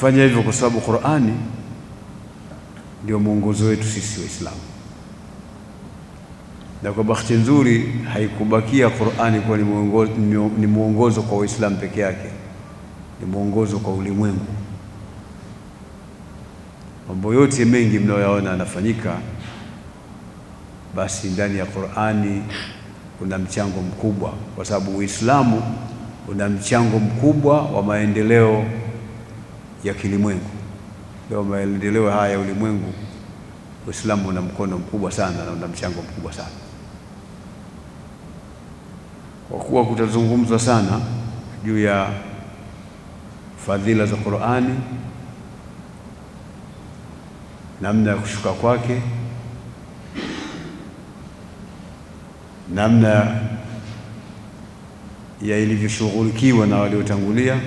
Fanya hivyo kwa sababu Qur'ani ndio mwongozo wetu sisi Waislamu, na kwa bahati nzuri haikubakia Qur'ani kuwa ni mwongozo kwa Waislamu peke yake, ni mwongozo kwa ulimwengu. Mambo yote mengi mnayoyaona yanafanyika, basi ndani ya Qur'ani kuna mchango mkubwa, kwa sababu Uislamu una mchango mkubwa wa maendeleo ya kilimwengu. Leo maendeleo haya ya ulimwengu, Uislamu una mkono mkubwa sana na una mchango mkubwa sana. Kwa kuwa kutazungumzwa sana juu ya fadhila za Qur'ani, namna ya kushuka kwake, namna ya ilivyoshughulikiwa na waliotangulia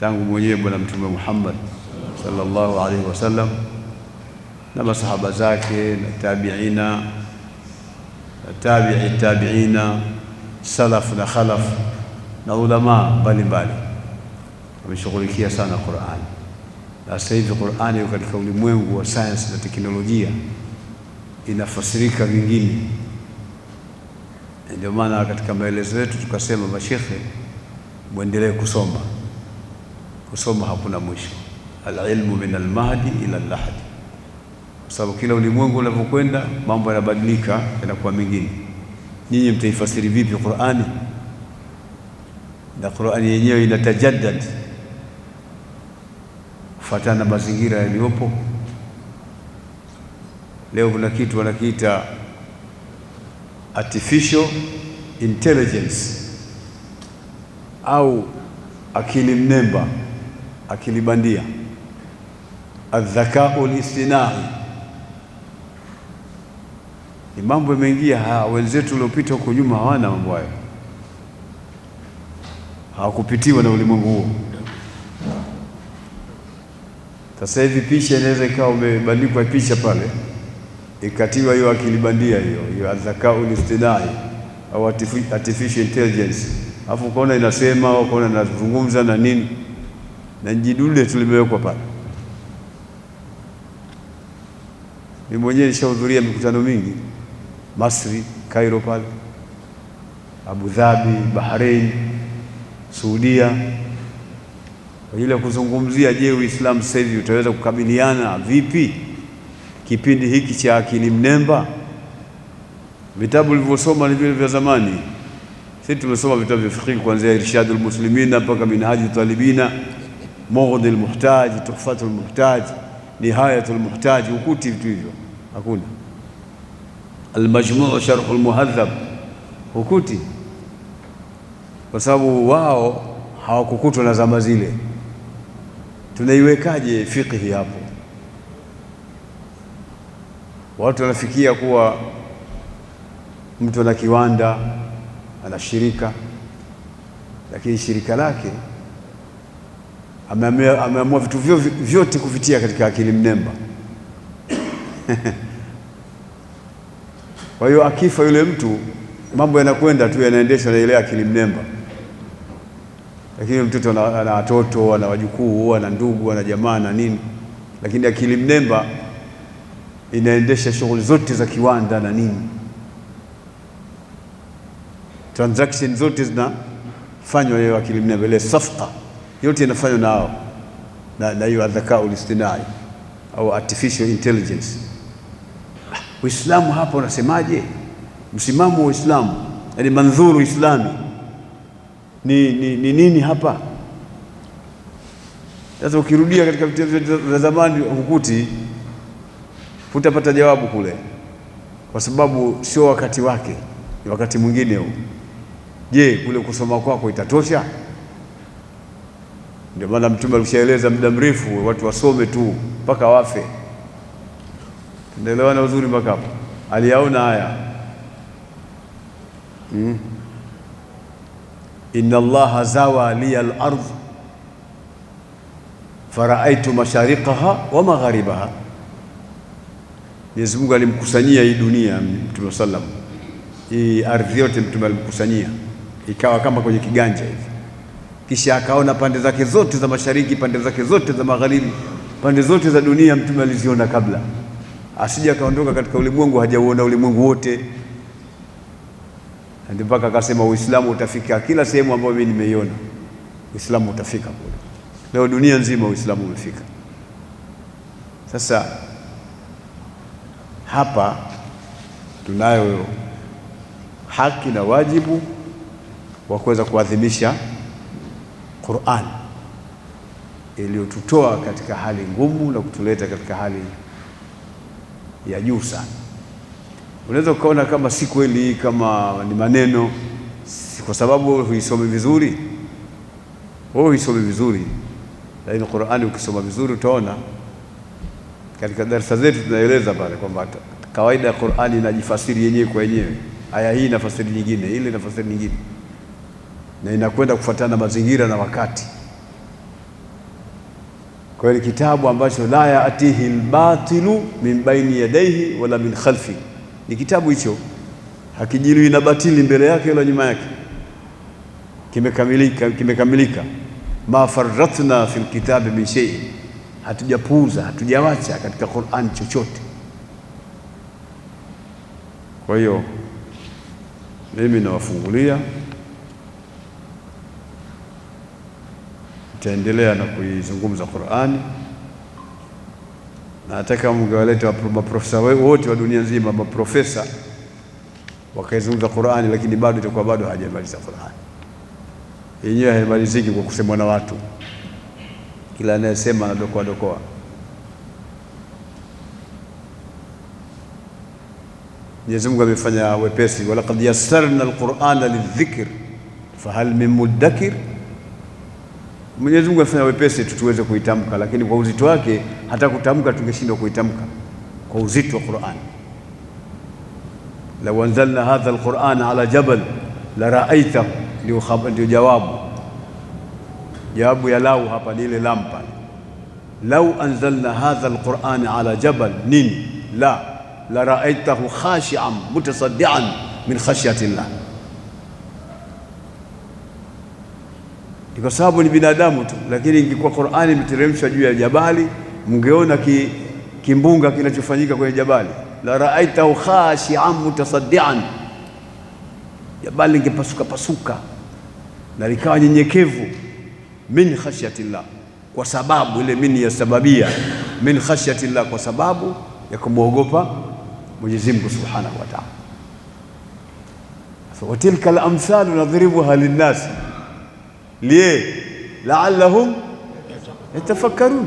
tangu mwenyewe Bwana Mtume Muhammad sallallahu alaihi wasallam na masahaba zake na tabiina na tabii tabiina salaf na khalaf na ulama mbalimbali wameshughulikia sana Qur'an, na sasa hivi Qur'an iko katika ulimwengu wa sayansi na teknolojia, inafasirika vingine. Ndio maana katika maelezo yetu tukasema, mashekhe mwendelee kusoma kusoma hakuna mwisho, alilmu min almahdi ila lahdi, kwa sababu kila ulimwengu unavyokwenda mambo yanabadilika, yanakuwa mengine. Nyinyi mtaifasiri vipi Qurani? Na Qurani yenyewe inatajaddad kufuatana na mazingira yaliyopo. Leo kuna kitu wanakiita artificial intelligence au akili mnemba akili bandia, aldhakau listinai, ni mambo yameingia. Wenzetu waliopita huko nyuma hawana mambo hayo, hawakupitiwa na ulimwengu huo. Sasa hivi picha inaweza ikawa umebandikwa picha pale, ikatiwa hiyo akili bandia hiyo hiyo adhakau listinai au artificial intelligence, afu ukaona inasema au ukaona inazungumza na nini na jidule tulimewekwa pale. Mimi mwenyewe nishahudhuria mikutano mingi Masri, Cairo pale, Abu Dhabi, Bahrain, Saudia kwa ajili ya kuzungumzia, je, Uislamu sasa hivi utaweza kukabiliana vipi kipindi hiki cha akili mnemba? Vitabu ulivyosoma ni vile vya zamani. Sisi tumesoma vitabu vya fikhi kuanzia Irshadul Muslimina mpaka Minhaju Talibina. Mughni lmuhtaji, Tuhfatu lmuhtaji, Nihayatu lmuhtaji, ukuti vitu hivyo hakuna. Almajmuu sharhu lmuhadhab hukuti, kwa sababu wao hawakukutwa na zama zile. Tunaiwekaje fiqhi hapo? Watu wanafikia kuwa mtu ana kiwanda ana shirika, lakini shirika lake ameamua, vitu vyo, vyote kuvitia katika akili mnemba kwa hiyo akifa yule mtu mambo yanakwenda tu yanaendeshwa na ile akili mnemba, lakini mtoto ana watoto ana wajukuu ana ndugu ana jamaa na nini, lakini akili mnemba inaendesha shughuli zote za kiwanda na nini, transaction zote zinafanywa leo akili mnemba, ile safka yote yanafanywa nao na hiyo adhaka ulistinai au artificial intelligence. Uislamu hapa unasemaje? Msimamo wa Uislamu, yani mandhuru islami ni, ni, ni nini hapa? Sasa ukirudia katika vitabu vya zamani hukuti, hutapata jawabu kule, kwa sababu sio wakati wake, ni wakati mwingine huu. Je, kule kusoma kwako itatosha? Ndio maana Mtume alishaeleza muda mrefu watu wasome tu mpaka wafe. Tunaelewana uzuri mpaka hapo? Aliyaona haya hmm. Inna Allaha zawa liya al ard faraaitu mashariqaha wa magharibaha, Mwenyezi Mungu alimkusanyia hii dunia Mtume sallam, hii ardhi yote Mtume alimkusanyia ikawa kama kwenye kiganja hivi kisha akaona pande zake zote za mashariki, pande zake zote za magharibi, pande zote za dunia mtume aliziona kabla, asije akaondoka katika ulimwengu hajauona ulimwengu wote. Ndio mpaka akasema Uislamu utafika kila sehemu ambayo mimi nimeiona, Uislamu utafika kule. Leo dunia nzima Uislamu umefika. Sasa hapa tunayo haki na wajibu wa kuweza kuadhimisha Qur'an iliyotutoa katika hali ngumu na kutuleta katika hali ya juu sana. Unaweza ukaona kama si kweli, kama ni maneno, kwa sababu huisomi vizuri, wewe huisomi vizuri, lakini Qur'ani ukisoma vizuri utaona. Katika darasa zetu tunaeleza pale kwamba kawaida ya Qur'ani inajifasiri yenyewe kwa yenyewe, aya hii inafasiri nyingine, ile inafasiri nyingine na inakwenda kufuatana na mazingira na wakati. Kwa hiyo ni kitabu ambacho la yatihi lbatilu min baini yadaihi wala min khalfi ni kitabu hicho hakijiliwi na batili mbele yake wala nyuma yake, kimekamilika, kimekamilika. ma faratna fi lkitabi min shei, hatujapuuza hatujawacha katika Qurani chochote. Kwa hiyo mimi nawafungulia tutaendelea na kuizungumza Qur'ani na nataka mngewaleta maprofesa wote wa dunia nzima, maprofesa wakaizungumza Qur'ani, lakini bado itakuwa bado hajamaliza Qur'ani yenyewe, haimaliziki kwa kusemwa na watu. Kila anayesema anadokoa dokoa. Mwenyezi Mungu amefanya wepesi, walaqad yassarna alqur'ana lidhikr fahal min Mwenyezi Mungu afanya wepesi tu tuweze kuitamka, lakini kwa uzito wake hata kutamka tungeshindwa kuitamka kwa uzito wa Qur'an. lau anzalna hadha alquran ala jabal la raaitahu, ndio jawabu. Jawabu ya lau hapa ni ile lampa. lau anzalna hadha alquran ala jabal nini la la raaitahu khashian mutasaddian min khashyati llah ni kwa sababu ni binadamu tu, lakini ingekuwa Qur'ani imeteremshwa juu ya jabali, mngeona ki, kimbunga kinachofanyika kwenye jabali la raaitahu khashian mutasaddian, jabali lingepasuka pasuka na likawa nyenyekevu, min llah kwa sababu ile min sababia min khashyatillah, kwa sababu ya kumwogopa Mwenyezi Mungu Subhanahu wa Ta'ala. Fa tilka al-amthalu nadhribuha lin-nas lie laallahum yatafakkarun,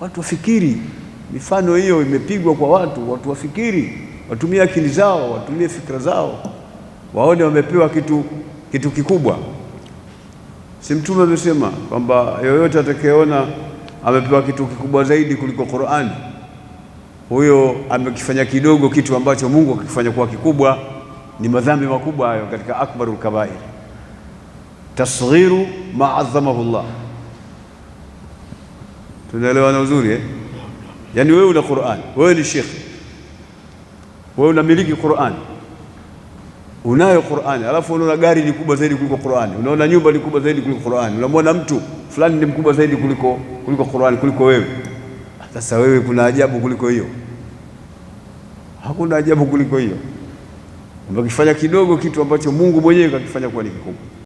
watu wafikiri. Mifano hiyo imepigwa kwa watu, watu wafikiri, watumie akili zao, watumie fikra zao, waone wamepewa kitu, kitu kikubwa. Si Mtume amesema kwamba yoyote atakayeona amepewa kitu kikubwa zaidi kuliko Qur'ani, huyo amekifanya kidogo kitu ambacho Mungu akifanya kuwa kikubwa. Ni madhambi makubwa hayo katika akbarul kabair tasghiru maadhamahu Allah. Tunaelewana uzuri eh? Yaani wewe una Qur'an, wewe ni shekhe, wewe unamiliki qurani unayo qurani alafu unaona gari ni kubwa zaidi kuliko Qur'an, unaona nyumba ni kubwa zaidi kuliko Qur'an, unamwona mtu fulani ni mkubwa zaidi kuliko kuliko Qur'an, kuliko wewe. Sasa wewe, kuna ajabu kuliko hiyo? Hakuna ajabu kuliko hiyo. Unakifanya kidogo kitu ambacho Mungu mwenyewe kakifanya kuwa ni kikubwa.